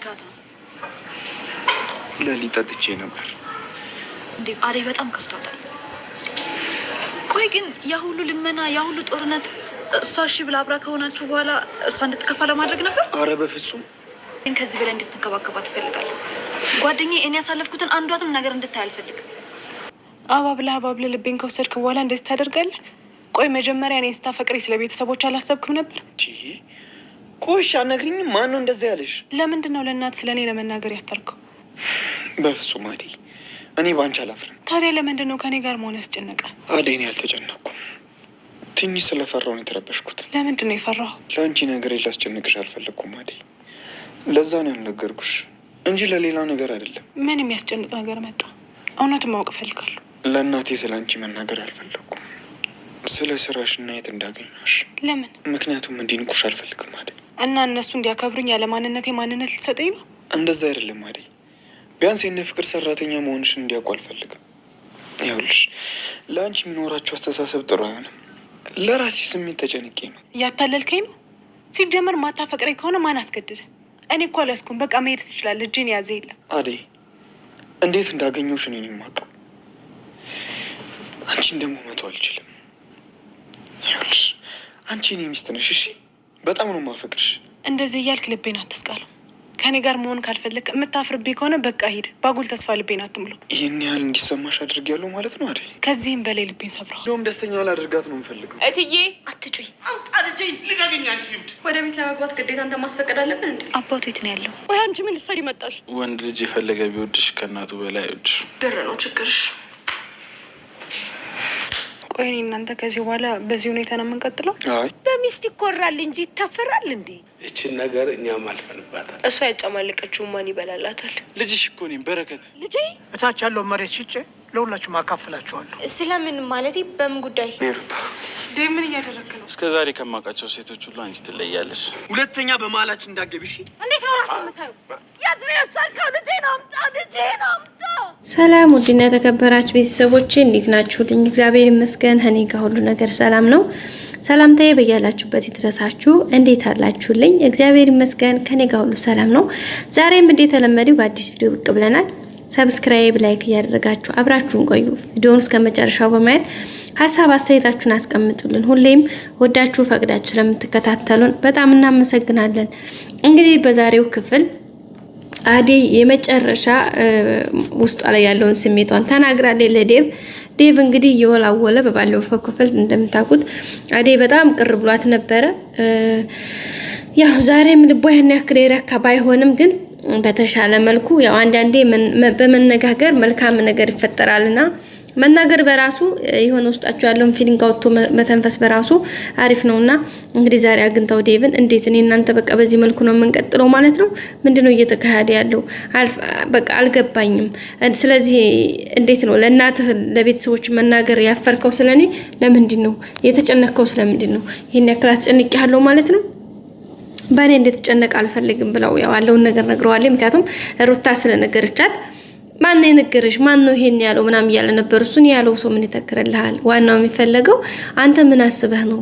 እየወሰድካት ነው? ጠጥቼ ነበር። እንዴ አደይ በጣም ከፍቷታል። ቆይ ግን ያ ሁሉ ልመና፣ ያ ሁሉ ጦርነት እሷ እሺ ብላ አብራ ከሆናችሁ በኋላ እሷ እንድትከፋ ለማድረግ ነበር? አረ በፍጹም። ግን ከዚህ በላይ እንድትንከባከባት እፈልጋለሁ። ጓደኛዬ እኔ ያሳለፍኩትን አንዷትም ነገር እንድታይ አልፈልግም። አባብለህ አባብለህ ልቤን ከወሰድክ በኋላ እንደዚህ ታደርጋለህ? ቆይ መጀመሪያ እኔን ፈቅሬ ስለ ቤተሰቦች አላሰብክም ነበር? ቆሽ አነግሪኝ። ማን ነው እንደዚህ ያለሽ? ለምንድን ነው ለእናት ስለ እኔ ለመናገር ያፈርከው? በፍጹም አዴ፣ እኔ በአንቺ አላፍርም። ታዲያ ለምንድን ነው ከእኔ ጋር መሆን ያስጨነቀ አዴ፣ እኔ አልተጨነኩም። ትንሽ ስለፈራሁ ነው የተረበሽኩት። ለምንድን ነው የፈራሁ? ለአንቺ ነገር ላስጨንቅሽ አልፈለግኩም አዴ። ለዛ ነው ያልነገርኩሽ እንጂ ለሌላ ነገር አይደለም። ምን የሚያስጨንቅ ነገር መጣ? እውነቱን ማወቅ እፈልጋለሁ። ለእናቴ ስለ አንቺ መናገር አልፈለግኩም። ስለ ስራሽ እና የት እንዳገኘሽ። ለምን? ምክንያቱም እንዲንቁሽ አልፈልግም አዴ እና እነሱ እንዲያከብሩኝ ያለ ማንነት የማንነት ልትሰጠኝ ነው? እንደዛ አይደለም አደይ። ቢያንስ የነ ፍቅር ሰራተኛ መሆንሽ እንዲያውቁ አልፈልግም። ይኸውልሽ ለአንቺ የሚኖራቸው አስተሳሰብ ጥሩ አይሆንም። ለራሴ ስሜት ተጨንቄ ነው። እያታለልከኝ ነው። ሲጀመር ማታፈቅረኝ ከሆነ ማን አስገድደ? እኔ እኮ አልያዝኩም። በቃ መሄድ ትችላለህ። እጅን ያዘ የለም አደይ። እንዴት እንዳገኘሁሽ እኔ ነኝ የማውቀው። አንቺን ደግሞ አልችልም። ይኸውልሽ አንቺ እኔ ሚስት ነሽ እሺ በጣም ነው ማፈቅርሽ። እንደዚህ እያልክ ልቤን አትስቃለሁ። ከኔ ጋር መሆን ካልፈለግ የምታፍርብኝ ከሆነ በቃ ሂድ። ባጉል ተስፋ ልቤን አትምሎ። ይህን ያህል እንዲሰማሽ አድርግ ያለው ማለት ነው አይደል? ከዚህም በላይ ልቤን ሰብረዋል። እንደውም ደስተኛ ላደርጋት ነው የምፈልገው። እትዬ አትጩይ። አምጣ ልጄን ልጋገኛ። አንቺ ልምድ ወደ ቤት ለመግባት ግዴታ እንተ ማስፈቀድ አለብን እንዴ? አባቱ የት ነው ያለው? ወይ አንቺ ምን ልትሰሪ መጣሽ? ወንድ ልጅ የፈለገ ቢወድሽ ከእናቱ በላይ አይወድሽ። ብር ነው ችግርሽ ቆይ እናንተ ከዚህ በኋላ በዚህ ሁኔታ ነው የምንቀጥለው? በሚስት ይኮራል እንጂ ይታፈራል እንዴ? እችን ነገር እኛም አልፈንባታል። እሷ ያጨማለቀችው ማን ይበላላታል? ልጅሽ እኮ እኔም በረከት ልጄ እታች ያለው መሬት ሽጬ ለሁላችሁም አካፍላችኋለሁ። ስለምን ማለት በምን ጉዳይ ሩታ ምን እያደረግ ነው? እስከ ዛሬ ከማውቃቸው ሴቶች ሁሉ አንቺ ትለያለሽ። ሁለተኛ በመሀላችን እንዳትገቢ እንዴት ነው ራስ የምታዩ ያዝ ነው ሰላም ውድና የተከበራችሁ ቤተሰቦች እንዴት ናችሁልኝ? እግዚአብሔር ይመስገን እኔ ጋር ሁሉ ነገር ሰላም ነው። ሰላምታዬ በያላችሁበት ይድረሳችሁ። እንዴት አላችሁልኝ? እግዚአብሔር ይመስገን ከኔ ጋር ሁሉ ሰላም ነው። ዛሬም እንደተለመደው በአዲስ ቪዲዮ ብቅ ብለናል። ሰብስክራይብ፣ ላይክ እያደረጋችሁ አብራችሁን ቆዩ። ቪዲዮውን እስከ መጨረሻው በማየት ሀሳብ አስተያየታችሁን አስቀምጡልን። ሁሌም ወዳችሁ ፈቅዳችሁ ስለምትከታተሉን በጣም እናመሰግናለን። እንግዲህ በዛሬው ክፍል አደይ የመጨረሻ ውስጧ ላይ ያለውን ስሜቷን ተናግራለች ለዴቭ። ዴቭ እንግዲህ እየወላወለ በባለፈው ክፍል እንደምታውቁት አዴ በጣም ቅር ብሏት ነበረ። ያው ዛሬም ልቧ ያን ያክል የረካ ባይሆንም ግን በተሻለ መልኩ ያው አንዳንዴ በመነጋገር መልካም ነገር ይፈጠራልና መናገር በራሱ የሆነ ውስጣቸው ያለውን ፊሊንግ አውጥቶ መተንፈስ በራሱ አሪፍ ነው እና እንግዲህ ዛሬ አግኝታው ዴቭን እንዴት እኔ እናንተ በቃ በዚህ መልኩ ነው የምንቀጥለው ማለት ነው። ምንድን ነው እየተካሄደ ያለው? በቃ አልገባኝም። ስለዚህ እንዴት ነው ለእናትህ ለቤተሰቦች መናገር ያፈርከው? ስለኔ እኔ ለምንድን ነው የተጨነቅከው? ስለምንድን ነው ይህን ያክል አስጨንቅ ያለው ማለት ነው። በእኔ እንደተጨነቅ አልፈልግም ብለው ያው ያለውን ነገር ነግረዋል። ምክንያቱም ሩታ ስለነገረቻት ማን የነገረሽ? ማን ነው ይሄን ያለው? ምናም እያለ ነበር። እሱን ያለው ሰው ምን ይተክርልሃል? ዋናው የሚፈለገው አንተ ምን አስበህ ነው?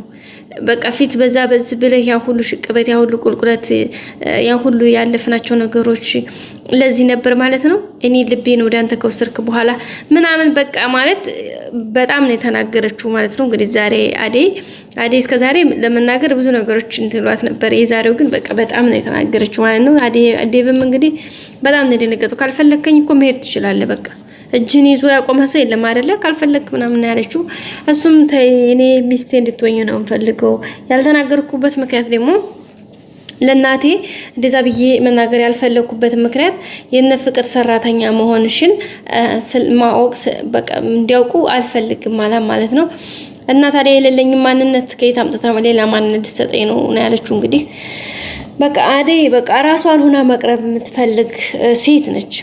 በቃ ፊት በዛ በዚህ ብለህ ያ ሁሉ ሽቅበት፣ ያ ሁሉ ቁልቁለት፣ ያ ሁሉ ያለፍናቸው ነገሮች ለዚህ ነበር ማለት ነው። እኔ ልቤን ወደ አንተ ከወሰድክ በኋላ ምናምን በቃ ማለት በጣም ነው የተናገረችው ማለት ነው። እንግዲህ ዛሬ አዴ አዴ እስከ ዛሬ ለመናገር ብዙ ነገሮች እንትሏት ነበር። የዛሬው ግን በቃ በጣም ነው የተናገረችው ማለት ነው። አዴ አዴ አዴብም እንግዲህ በጣም ነው የደነገጠው። ካልፈለከኝ እኮ መሄድ ትችላለህ። በቃ እጅን ይዞ ያቆመ ሰው የለም አይደለ? ካልፈለግ ምናምን ያለችው እሱም ተይ እኔ ሚስቴ እንድትወኝ ነው እንፈልገው። ያልተናገርኩበት ምክንያት ደግሞ ለእናቴ እንደዛ ብዬ መናገር ያልፈለግኩበት ምክንያት የነ ፍቅር ሰራተኛ መሆንሽን ማወቅ እንዲያውቁ አልፈልግም አላ ማለት ነው። እና ታዲያ የሌለኝ ማንነት ከየት አምጥታ ሌላ ማንነት ሰጠኝ ነው ነው ያለችው እንግዲህ በቃ አደይ በቃ ራሷን ሁና መቅረብ የምትፈልግ ሴት ነች።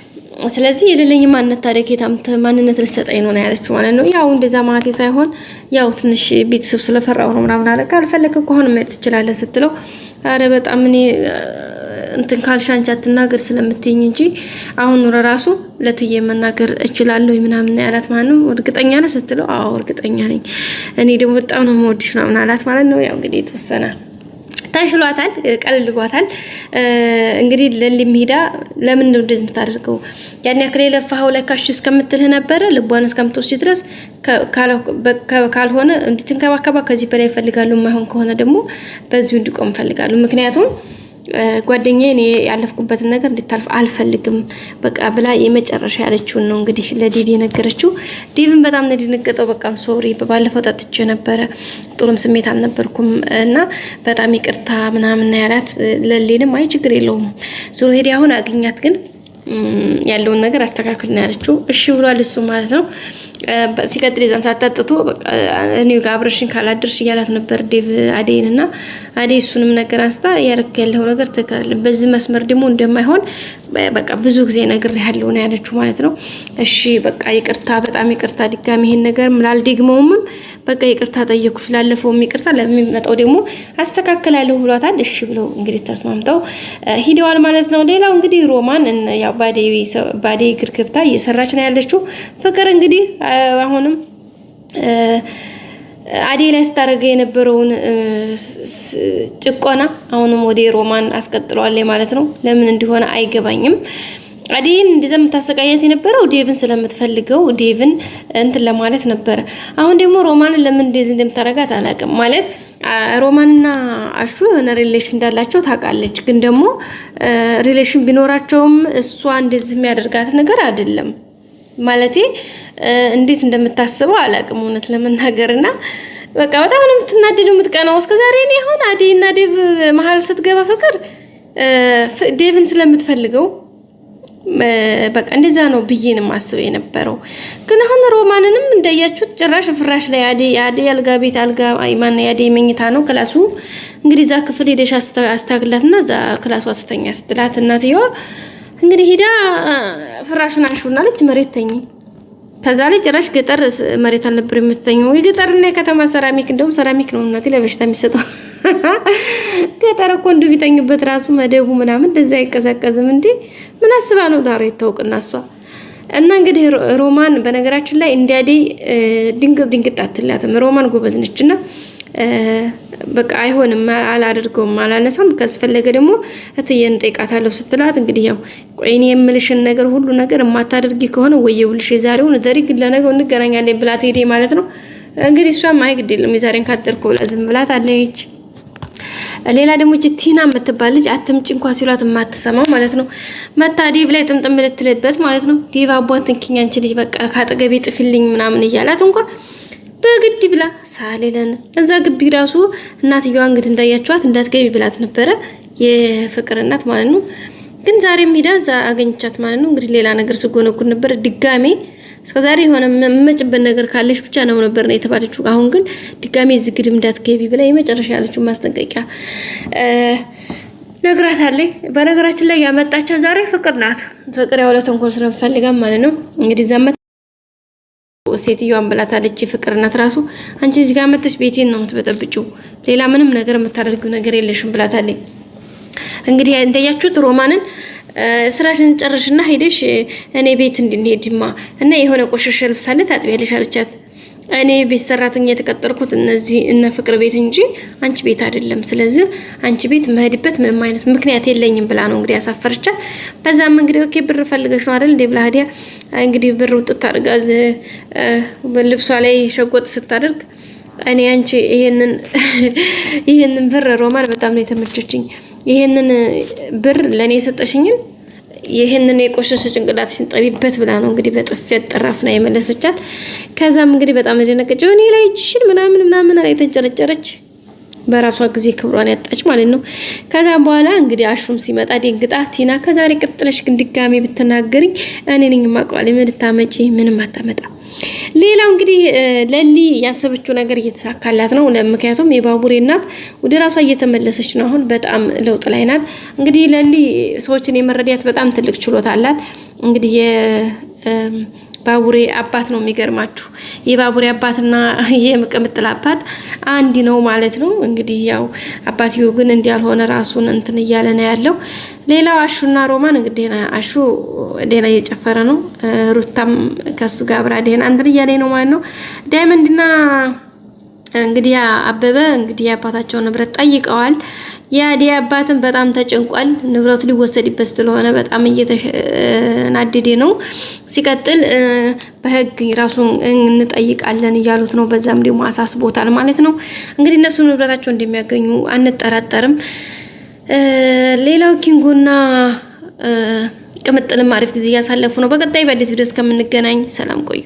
ስለዚህ የሌለኝ ማንነት ታሪክ የታምተ ማንነት ልሰጠኝ ነው ያለችው ማለት ነው። ያው እንደዛ ማለት ሳይሆን ያው ትንሽ ቤተሰብ ስለፈራው ነው ምናምን አለ። ካልፈለግህ እኮ አሁን መሄድ ትችላለህ ስትለው አረ በጣም እኔ እንትን ካልሽ አንቺ አትናገር ስለምትይኝ እንጂ አሁን ኑረ ራሱ ለትዬ መናገር እችላለሁ ምናምን ያላት ማለት ነው። እርግጠኛ ነህ ስትለው አዎ እርግጠኛ ነኝ፣ እኔ ደግሞ በጣም ነው የምወድሽ ምናምን አላት ማለት ነው። ያው እንግዲህ የተወሰነ ተሽሏታል፣ ቀልሏታል። እንግዲህ ለሊም ሄዳ ለምን ነው እንደዚህ የምታደርገው? ያን ያክል የለፋኸው ላይ ካሽ እስከምትልህ ነበረ ልቧን እስከምትወስድ ድረስ ካልሆነ እንድትንከባከባ ከዚህ በላይ ይፈልጋሉ። የማይሆን ከሆነ ደግሞ በዚሁ እንዲቆም ይፈልጋሉ። ምክንያቱም ጓደኛ እኔ ያለፍኩበትን ነገር እንድታልፍ አልፈልግም በቃ ብላ የመጨረሻ ያለችውን ነው እንግዲህ ለዴቭ የነገረችው። ዴቭን በጣም ነው የደነገጠው። በቃም ሶሪ በባለፈው ጠጥቼ ነበረ ጥሩም ስሜት አልነበርኩም እና በጣም ይቅርታ ምናምን ያላት ለሌንም አይ ችግር የለውም ዙሮ ሄዲ አሁን አግኛት ግን ያለውን ነገር አስተካክል ነው ያለችው። እሺ ብሏል እሱ ማለት ነው። ሲቀጥል የዛን ሰዓት እኔ ጋር አብረሽን ካላደርሽ እያላት ነበር ዴቭ አዴይን እና አዴይ እሱንም ነገር አንስታ ያረክ ያለው ነገር ተካለን በዚህ መስመር ደግሞ እንደማይሆን በቃ ብዙ ጊዜ ነገር ያለው ነው ያለችው ማለት ነው። እሺ በቃ ይቅርታ፣ በጣም ይቅርታ፣ ድጋሚ ይሄን ነገር ምላል ላልደግመውም በቃ ይቅርታ ጠየኩ፣ ስላለፈውም ይቅርታ፣ ለሚመጣው ደግሞ አስተካክላለሁ ብሏታል። እሺ ብለው እንግዲህ ተስማምተው ሂደዋል ማለት ነው። ሌላው እንግዲህ ሮማን ባዴ ግርክብታ እየሰራች ነው ያለችው ፍቅር እንግዲህ አሁንም አዴ ላይ ስታደርገ የነበረውን ጭቆና አሁንም ወደ ሮማን አስቀጥለዋል ማለት ነው። ለምን እንደሆነ አይገባኝም። አዴን እንደዛ የምታሰቃያት የነበረው ዴቭን ስለምትፈልገው ዴቭን እንትን ለማለት ነበረ። አሁን ደግሞ ሮማንን ለምን እንደዚህ እንደምታረጋት አላውቅም። ማለት ሮማንና አሹ የሆነ ሪሌሽን እንዳላቸው ታውቃለች። ግን ደግሞ ሪሌሽን ቢኖራቸውም እሷ እንደዚህ የሚያደርጋት ነገር አይደለም። ማለት እንዴት እንደምታስበው አላውቅም እውነት ለመናገር እና በቃ በጣም ነው የምትናደደው የምትቀናው። እስከዛሬ እኔ አሁን አደይ እና ዴቭ መሀል ስትገባ ፍቅር ዴቭን ስለምትፈልገው በቃ እንደዛ ነው ብዬን ማስበው የነበረው ግን አሁን ሮማንንም እንዳያችሁት ጭራሽ ፍራሽ ላይ የአደይ አልጋ ቤት አልጋ ማን የአደይ መኝታ ነው ክላሱ እንግዲህ እዛ ክፍል ሄደሽ አስታክላት እና እዛ ክላሱ አስተኛ ስትላት እናትየዋ እንግዲህ ሂዳ ፍራሹን አንሹና አለች። መሬት ተኝ። ከዛ ላይ ጭራሽ ገጠር መሬት አልነበር የምትተኘው። የገጠርና የከተማ ሰራሚክ እንደውም ሰራሚክ ነው እናቴ ለበሽታ የሚሰጠው። ገጠር እኮ እንዱ ቢተኙበት ራሱ መደቡ ምናምን እንደዚ አይቀዘቀዝም እንዴ! ምን አስባ ነው ዳሮ የታውቅና እሷ እና እንግዲህ ሮማን በነገራችን ላይ እንዲያዴ ድንቅ ድንቅ ጣትላትም ሮማን ጎበዝ ነች እና በቃ አይሆንም፣ አላደርገውም፣ አላነሳም። ካስፈለገ ደግሞ እትዬን እጠይቃታለሁ ስትላት እንግዲህ ያው ቆይኔ የምልሽን ነገር ሁሉ ነገር የማታደርጊ ከሆነ ወየውልሽ የዛሬውን እደሪ፣ ለነገው እንገናኛለን ብላት ሄዴ ማለት ነው። እንግዲህ እሷም አይ ግድ የለም የዛሬን ካደርኩ ብላ ዝም ብላት አለች። ሌላ ደግሞ እቺ ቲና የምትባል ልጅ አትምጭ እንኳን ሲሏት የማትሰማው ማለት ነው። መታ ዴቭ ላይ ጥምጥም ልትልበት ማለት ነው። ዴቭ አቧት ትንኪኛንች ልጅ በቃ ካጠገቤ ጥፊልኝ ምናምን እያላት እንኳን በግድ ብላ ሳሌለን እዛ ግቢ ራሱ እናትየዋ እንግዲህ እንዳያቸዋት እንዳትገቢ ብላት ነበረ የፍቅር እናት ማለት ነው። ግን ዛሬም ሄዳ እዛ አገኘቻት ማለት ነው። እንግዲህ ሌላ ነገር ስጎነጉን ነበረ ድጋሜ እስከ ዛሬ የሆነ የምመጭበት ነገር ካለሽ ብቻ ነው ነበር ነው የተባለችው። አሁን ግን ድጋሜ እዚህ ግድም እንዳትገቢ ብላ የመጨረሻ ያለችው ማስጠንቀቂያ ነግራታለች። በነገራችን ላይ ያመጣቻት ዛሬ ፍቅር ናት። ፍቅር ያው ለተንኮል ስለምፈልጋም ማለት ነው እንግዲህ ዛመ ሴትዮዋን ብላታለች። ፍቅር እናት ራሱ አንቺ እዚህ ጋር መተሽ ቤቴን ነው የምትበጠብጭው፣ ሌላ ምንም ነገር የምታደርጊው ነገር የለሽም ብላታለች። እንግዲህ እንደያችሁት ሮማንን ስራሽን ጨርሽና ሄደሽ እኔ ቤት እንድንሄድማ እና የሆነ ቆሸሸ ልብስ አለ ታጥቢያለሽ አለቻት። እኔ ቤት ሰራተኛ የተቀጠርኩት እነዚህ እነ ፍቅር ቤት እንጂ አንቺ ቤት አይደለም። ስለዚህ አንቺ ቤት መሄድበት ምንም አይነት ምክንያት የለኝም ብላ ነው እንግዲህ ያሳፈረቻት። በዛም እንግዲህ ኦኬ ብር ፈልገሽ ነው አይደል እንዴ ብላ ሀዲያ እንግዲህ ብር ውጥት አድርጋ ልብሷ ላይ ሸጎጥ ስታደርግ እኔ አንቺ ይሄንን ይሄንን ብር ሮማን በጣም ነው የተመቸችኝ። ይሄንን ብር ለእኔ የሰጠሽኝን ይህንን የቆሸሸ ጭንቅላት ሲንጠቢበት ብላ ነው እንግዲህ በጥፊያት ጠራፍና የመለሰቻት። ከዛም እንግዲህ በጣም የደነቀችው እኔ ላይ እጅሽን ምናምን ምናምን አለ የተንጨረጨረች በራሷ ጊዜ ክብሯን ያጣች ማለት ነው። ከዛም በኋላ እንግዲህ አሹም ሲመጣ ደንግጣ ቲና ከዛሬ ቀጥለሽ ግን ድጋሜ ብትናገሪ እኔ ነኝ ማቋል ምን ልታመጪ ምንም አታመጣ ሌላው እንግዲህ ለሊ ያሰበችው ነገር እየተሳካላት ነው። ምክንያቱም የባቡሬ እናት ወደ ራሷ እየተመለሰች ነው። አሁን በጣም ለውጥ ላይ ናት። እንግዲህ ለሊ ሰዎችን የመረዳት በጣም ትልቅ ችሎታ አላት። እንግዲህ ባቡሬ አባት ነው። የሚገርማችሁ የባቡሬ አባትና የምቅምጥል አባት አንድ ነው ማለት ነው። እንግዲህ ያው አባትዮ ግን እንዲያልሆነ ራሱን እንትን እያለ ነው ያለው። ሌላው አሹና ሮማን እንግዲህ አሹ ዴና እየጨፈረ ነው። ሩታም ከሱ ጋር አብራ ዴና እንትን እያለ ነው ማለት ነው። ዳይመንድና እንግዲህ አበበ እንግዲህ የአባታቸው ንብረት ጠይቀዋል። የአደይ አባትን በጣም ተጨንቋል። ንብረቱ ሊወሰድበት ስለሆነ በጣም እየተናደደ ነው። ሲቀጥል በህግ ራሱን እንጠይቃለን እያሉት ነው። በዛም ደግሞ አሳስቦታል ማለት ነው። እንግዲህ እነሱ ንብረታቸው እንደሚያገኙ አንጠራጠርም። ሌላው ኪንጎና ቅምጥልም አሪፍ ጊዜ እያሳለፉ ነው። በቀጣይ በአዲስ ቪዲዮ እስከምንገናኝ ሰላም ቆዩ።